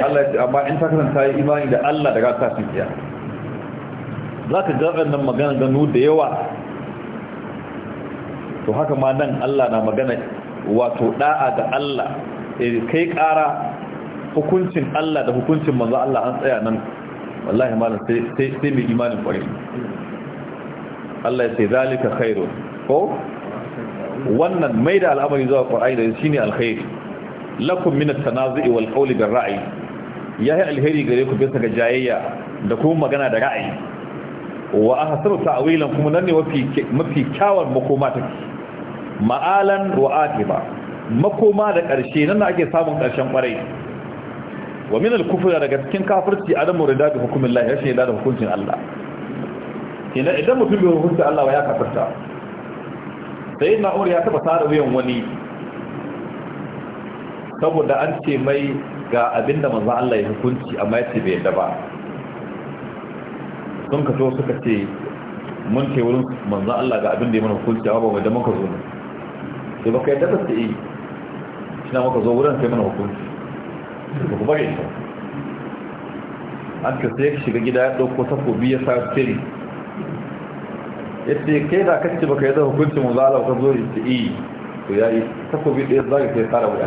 S1: Allah ya ce amma in ta kasanta yi imani da Allah da ta shi kiya za ka ga nan magana gano da yawa to haka ma nan Allah na magana wato da'a da Allah eh, kai ƙara hukuncin Allah da hukuncin manzo Allah an tsaya nan wallahi malam sai mai imanin kwarai Allah ya ce zalika khairu ko wannan mai da al'amari zuwa kwarai da shi ne alkhairi lakum min at-tanazu'i wal qawli bil ra'yi yi alheri gare ku bisa ga jayayya da kuma magana da ra'ayi wa ahsanu ta'wilan kuma nan ne mafi kyawar makoma take ma'alan wa aqiba makoma da ƙarshe nan ake samun ƙarshen kwarai wa min al-kufr daga cikin kafirci adamu rida bi hukumin Allah rashin da hukuncin Allah kina idan mutum bai hukunta Allah ba ya kafirta sai na Umar ya taba sada wuyan wani saboda an ce mai ga abinda manzo Allah ya hukunci amma ya ce bai yadda ba sun ka to suka ce mun kai wurin manzo Allah ga abinda ya mana hukunci amma ba mu da muka zo ne sai baka yadda ba sai ina muka zo wurin sai mana hukunci da kuma bare ta an ka sai ka shiga gida ya ɗauko takobi ya sa fili ya ce kai da kacce baka yi zama hukuncin mu zala wata zo ta yi eh. to ya yi takobi ɗaya za sai tsara wuya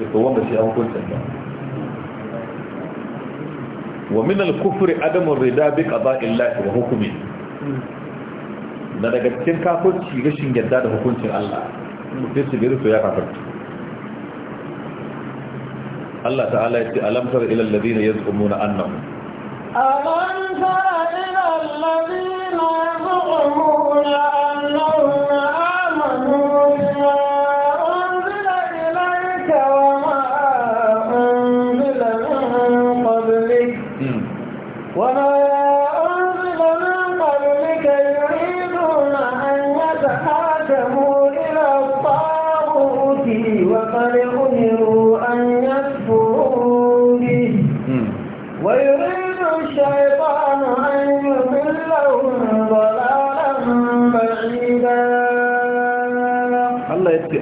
S1: ya to wanda shi a hukuncin ba wa min al-kufri adamu rida bi qada'illahi wa hukmi na daga cikin kafirci rashin yarda da hukuncin Allah sai su biyu to ya kafirci الله تعالى ألم تر إلى الذين يزعمون أنهم
S2: ألم تر إلى الذين يزعمون أنهم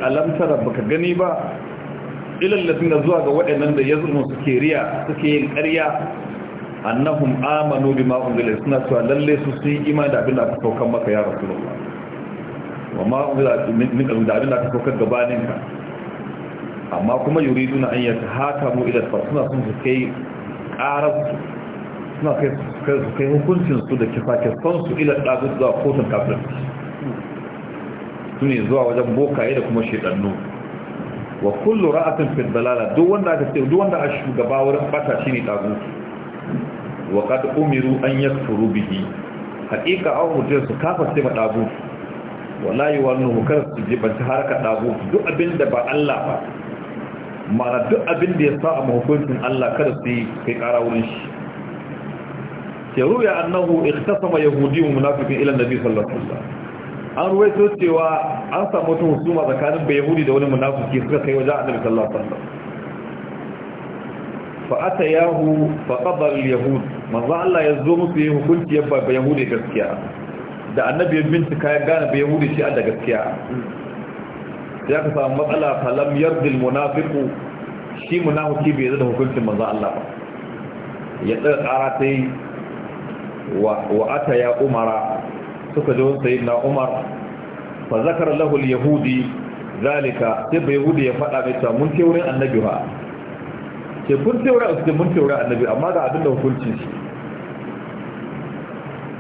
S1: alamtara baka gani ba ilallatin da zuwa ga waɗannan da yazunu suke riya suke yin ƙarya annahum amanu bima unzila suna cewa lalle su sun yi imani da abin da aka saukar maka ya rasulullah wa ma unzila min qalbi da abin da aka saukar gabanin ka amma kuma yuriduna an yatahakamu ila suna sun kai qarar suna kai kai hukuncin su da kifakin su ila dazu zuwa kotun kafirci sune zuwa wajen bokaye da kuma shedannu wa kullu ra'atin fi dalala duk wanda aka ce duk wanda a shugaba wurin bata shine dagu wa qad umiru an yakfuru bihi haqiqa aw mutum su kafa sai ba dagu wallahi wannan hukar su ta haraka dagu duk abinda ba Allah ba mara duk abinda ya sa a hukuncin Allah kada su kai kara wurin shi ke ruya annahu ikhtasama yahudiyyun munafiqin ila nabi sallallahu alaihi wasallam an ruwaito cewa an samu wata husuma tsakanin bai yahudi da wani munafiki suka kai wajen annabi sallallahu alaihi wasallam fa yahu fa qadar al yahud manzo Allah ya zo musu yi hukunci ya ba yahudi gaskiya da annabi ya bincika ya gane bai yahudi shi da gaskiya Sai aka samu matsala falam yardi al munafiqu shi munafiki bai yarda da hukuncin manzo Allah ba ya tsara sai wa wa ya umara suka ji wani sayi umar fa zakar lahul yahudi zalika sai ba yahudi ya faɗa mai cewa mun teurin annabi ba ke kun teurin a mun teurin annabi amma ga abin da hukunci shi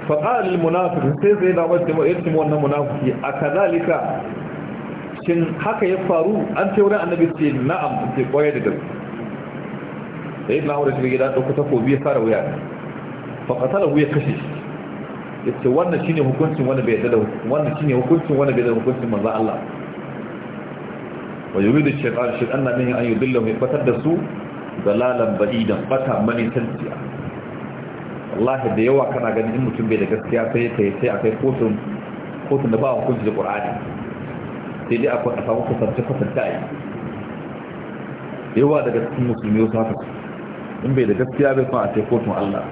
S1: fa qala lil munafiq sai sai na wata mai irin wannan munafiki akazalika shin haka ya faru an teurin annabi ce na'am ce koyar da gaske sai na wata shiga gida dauko takobi ya fara wuya fa qatalahu ya kashe shi yace wannan shine hukuncin wani bai yarda da hukuncin, wannan shine hukuncin wani bai yarda da hukuncin manzo Allah wa yuridu shaytan shaytan na min an mai fatar da su da dalalan ba'idan fata mani tantiya wallahi da yawa kana ganin in mutum bai da gaskiya sai ya kai sai akai kotun kotun da ba hukunci da Qur'ani sai dai akwai asabu kusance kusance ai yawa daga cikin musulmi wasu haka in bai da gaskiya bai san a sai kotun Allah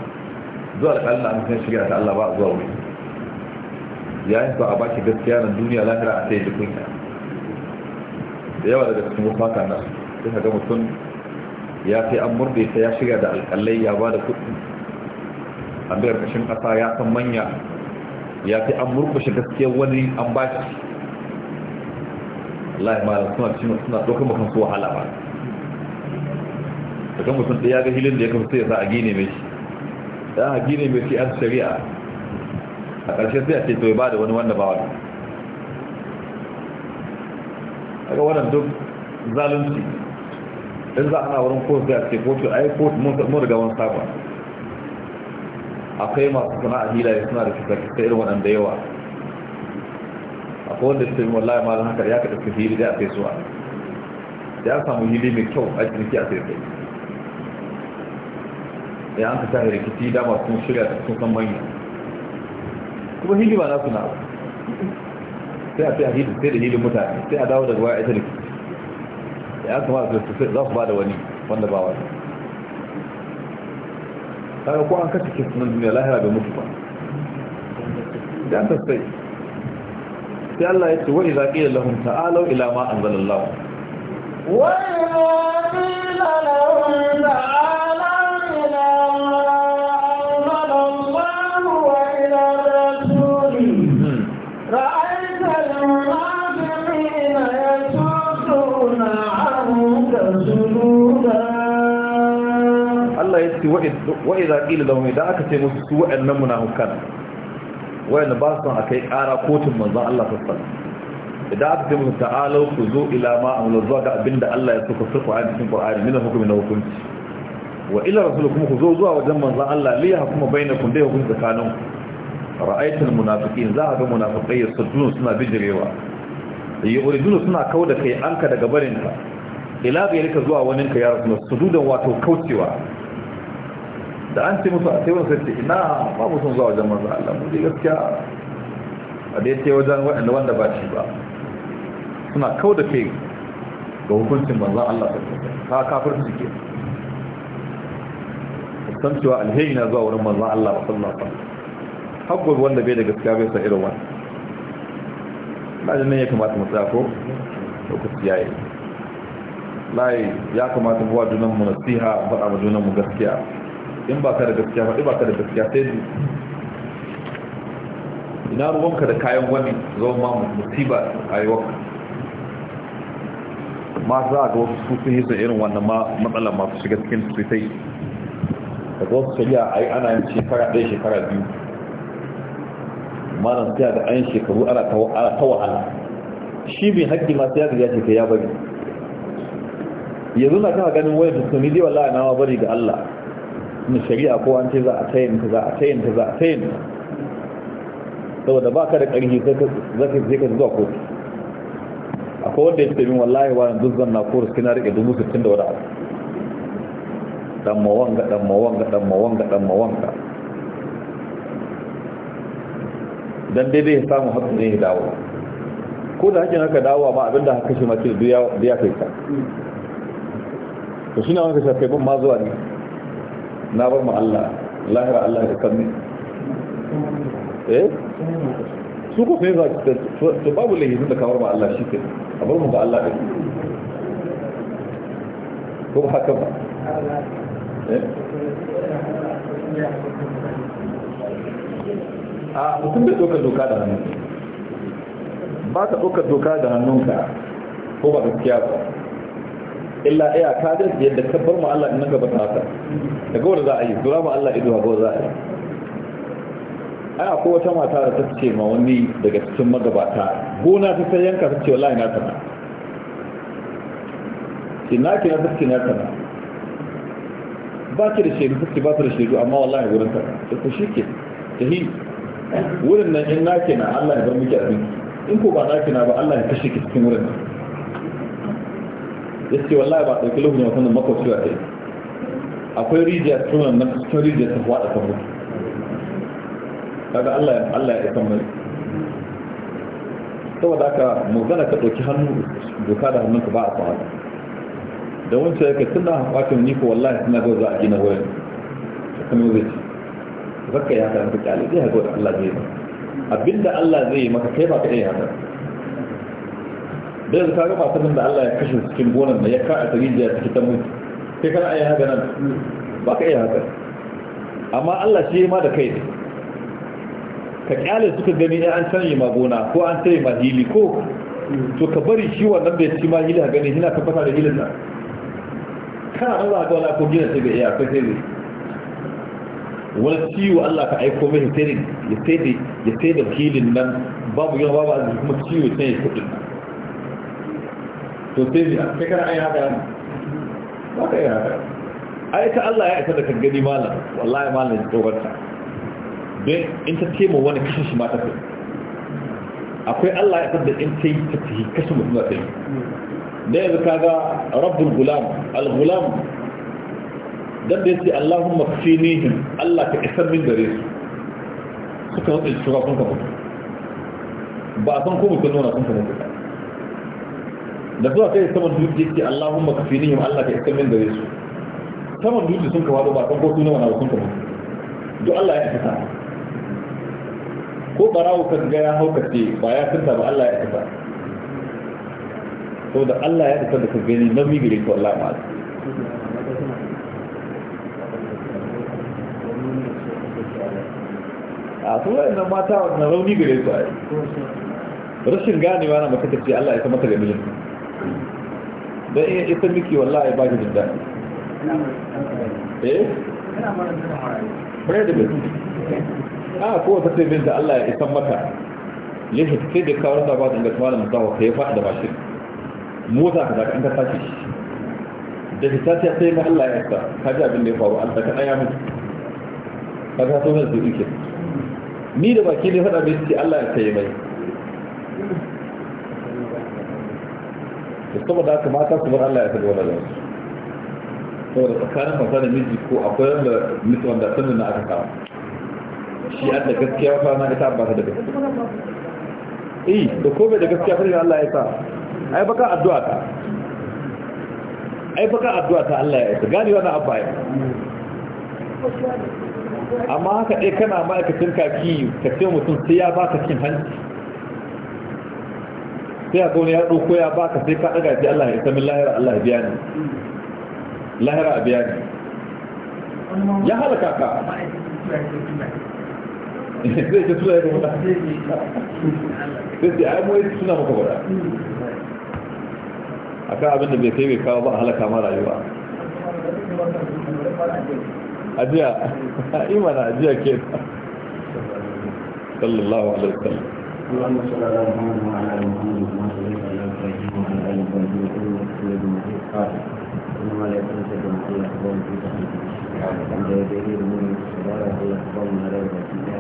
S1: zuwa da Allah an kan shiga da Allah ba zuwa wuri yayin ba a baki gaskiya na duniya lahira a sai jikin ya da yawa daga cikin mafaka na sai ka ga mutum ya fi an murbe ta ya shiga da alƙalai ya ba da kuɗi an bi kashin ƙasa ya san manya ya fi an murkushe gaskiya wani an ba shi Allah ya mara suna cikin suna ɗaukar makan su wahala ba da kan mutum ɗaya ga hilin da ya kafa sai ya za a gine mai shi da a ne mai an shari'a a ƙarshe sai a ce to ba da wani wanda ba wani aka wannan duk zalunci in za a na wurin kotu da ce kotu yi kotu mun riga wani saba akwai masu suna a hilaye suna da ta irin waɗanda yawa akwai wanda sai wallahi malin haka ya ka ɗauki hili da a kai suwa ya samu hili mai kyau a ciniki a sai sai ya an ka rikici dama sun shirya ta sun san manya kuma hili ba na suna sai a fi a hili sai da hilin mutane sai a dawo daga waya ita rikici ya kama da su za su ba da wani wanda ba wani kaga ko an kashe kisu nan duniya lahira da mutu ba da an sai. sai Allah ya ce wa idza qila lahum ta'alu ila ma anzalallahu wa
S2: idza qila lahum da.
S1: wa idza qila lahum idan aka ce musu su wa'annan munafikan wa'anda ba su akai ƙara kotun Manzan Allah sassan. idan aka ce musu ta'alu ku zo ilama a amla zuwa ga abinda Allah ya suka suka a cikin Qur'ani min hukumi na hukunci wa ila rasul kuma ku zo zuwa wajen Manzan Allah li bai na kundai hukunci tsakanin ra'aytul munafikin za a ga munafiqai yasudduna suna bijirewa yuriduna suna da kai anka daga barinka ila ga yalka zuwa waninka ya rasul sududan wato kaucewa da an ce musu a sai wani sarki ina ba mu sun zuwa wajen manzo Allah mu gaskiya a dai ce wajen waɗanda wanda ba shi ba suna kau da kai ga hukuncin manzo Allah ta kafir su ke san cewa alheri na zuwa wurin manzo Allah sallallahu alaihi wasallam hakku wanda bai da gaskiya bai sa irin wannan lajin nan ya kamata mu tsako lokaci yayi layi ya kamata mu wa junan mu nasiha ba mu junan mu gaskiya in ba ka da gaskiya faɗi ba ka da gaskiya sai ne ina ruwanka da kayan wani zama ma musiba a yi waka ma za a ga wasu su sun yi sun irin wannan matsala masu shiga cikin tutai da wasu shari'a a yi ana yin shekara ɗaya shekara biyu malam siya da an shekaru ana ta wahala shi mai haƙƙi masu ya ce ya bari yanzu na kawo ganin wani musulmi dai wallahi na bari ga Allah na shari'a ko an ce za a ka za a ka za a tayanta saboda ba ka da ƙarfi za ka je ka zuwa kotu ko wanda ya ce min wallahi wani duzan na kotu suna riƙe dubu sittin da wani abu dan mawanga dan mawanga dan mawanga dan dan daidai ya samu hakan ne ya dawo ko da hakin haka dawo ma abinda haka shi mace biya ya kai ta to shi na wani ka kai ban ma zuwa ne na bar ma Allah lahira Allah ya kan eh su ko sai za to babu laifin da kawar ma Allah shi ke a bar mu ga Allah ɗin ko ba haka ba Eh? a mutum bai ɗaukar doka da hannu ba ka ɗaukar doka da hannunka ko ba gaskiya ba illa iya ka da yadda ka bar mu Allah nan gaba ta da gowar za a yi dura mu Allah ido gowar za a yi ai akwai wata mata da ta ce ma wani daga cikin magabata gona ta sai yanka ta ce wallahi na ta ina ki na ta ce na sana, ba ki da shaidu ta ce ba ta da shaidu amma wallahi gurin ta ta ku shi ke ta hi wurin nan in na ki na Allah ya bar miki abin in ko ba na ki na ba Allah ya kashe ki cikin wurin nan ya ce wallahi ba a ɗauki lokacin wasan da makwabci a kai akwai rijiyar tunan na cikin rijiyar ta faɗa ta mutu kaga Allah Allah ya san mai saboda haka magana ka ɗauki hannu doka da hannunka ba a fara da wancan yake tunda hafatin ni ko wallahi suna zai za a gina wayan kama zai ci zakka ya karanta kyale zai hago da Allah zai yi abinda Allah zai yi maka kai ba ka iya haka da yanzu kaga masu da Allah ya kashe cikin gonar da ya ka a tsarin jiya cikin tamu sai kana iya haka nan ba ka iya haka amma Allah shi ma da kai ne ka kyale suka gani ya an canye ma gona ko an canye ma hili ko to ka bari shi wannan ya ci ma hili a gani yana tabbata da hilin nan kana nan za ka wala ko gina sai bai iya kai sai wani ciwo Allah ka aiko mai ya sai da hilin nan babu yana babu arziki kuma ciwo sai ya kudin nan to sai ji ah, ka haka Allah ya isa gani malam wallahi malam ya tsohonta in ta ce wani kashe shi ma akwai Allah ya isa in ta yi ta fi kashe mutum yi da yanzu ka ga rabbul gulam al-gulam dan da yace Allahumma kfinihim Allah ka isar min gare su suka wuce shugaban ka ba a san ko mutum nuna sun ka mutu da zuwa sai saman dutse yake Allahumma kafinihim Allah ka iska min gare su saman dutse sun kawo ba san ko ne wannan na sun kawo duk Allah ya iska ko barawo ka ga ya haukace ba ya tunta ba Allah ya to da Allah ya iska da ka gani mi gare ku Allah ma a su ina mata na rauni gare su a rashin ganewa na mace Allah ya ta mata ga mijinta da iya ita miki wallahi ba ki da daɗi eh bread bin a ah, ko wata sai bin da Allah ya isan mata lihi sai da kawo da ba da ga malam musawa kai fa da bashi mota ka zaka an ka tashi da ta tashi sai ma Allah ya isa ka ji abin da ya faru an ta saka daya mu ga to ne su yake ni da baki ne fada bai ce Allah ya kai mai saboda haka mata su bar Allah ya tabbata da su saboda tsakanin mata da miji ko akwai wanda mutu wanda sun nuna aka kawo shi an da gaskiya fa na ga ba ta da gaskiya eh da ko bai da gaskiya fa Allah ya sa ai baka addu'a ta ai baka addu'a ta Allah ya sa gani wannan abba ya amma haka dai kana ma'aikacin kaki ka ce mutum sai ya baka cin hanci sai a zaune ya ɗauko ya baka sai ka ɗaga sai Allah ya isa min lahira Allah ya biya ni lahira a biya ni ya halaka ka zai ce suna sai ai suna maka gwada a kan abinda bai kai bai kawo ba a halaka ma rayuwa ajiya imana ajiya ke sallallahu alaihi wasallam اللهم صل على
S4: محمد وعلى ال محمد كما صليت على ابراهيم وعلى ال ابراهيم انك حميد مجيد قاتل انما لا يكون سيد محمد اخبار في تحريك عند يديه الامور المتصله وهي اخبار من غير ذاتيه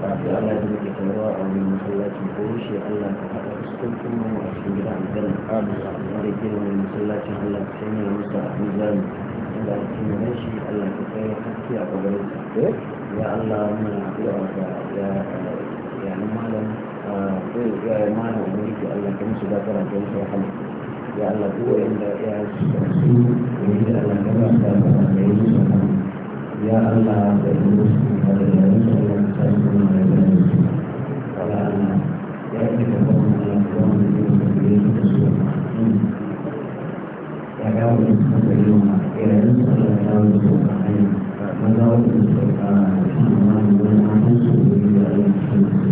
S4: فعبد الله بن كثيراء من محلات الفروش الا تحقق سكنكم واسكن بلا عن ذلك ورجل من مسلات الا تحسن المسرح ميزان الا تحسن ماشي الا تحسن حتى قبلت يا الله من عبد الله يا يعني مالا iyaye mana da yake Allah ka musu ya Allah duk wanda ya su da Allah ba su yi ya Allah da yi musu da ya yi musu Allah su da ya yi Allah ya yi da kuma Allah ka ba mu da ya yi ya ga wani da yi ma ya yi musu Allah ya yi musu rahama maza wani da suka fara shi su da ya yi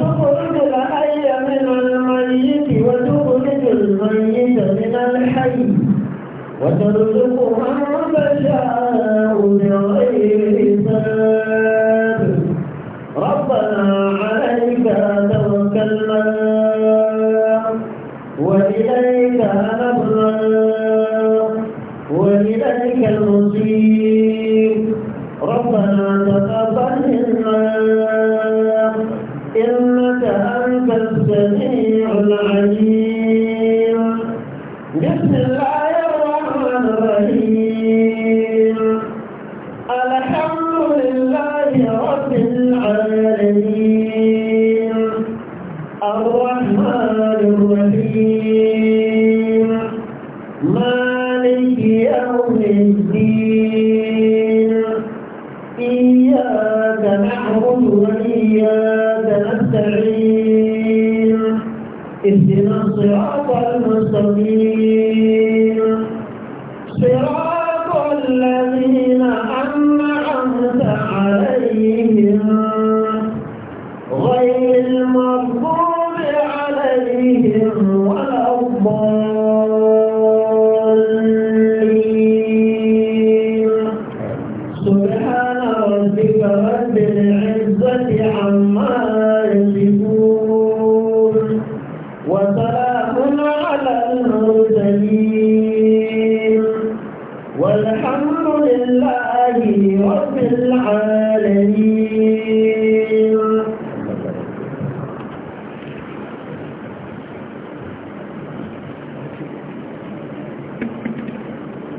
S2: وتخرج الحي من الميت وتخرج الميت من الحي وترزق من تشاء بغير حساب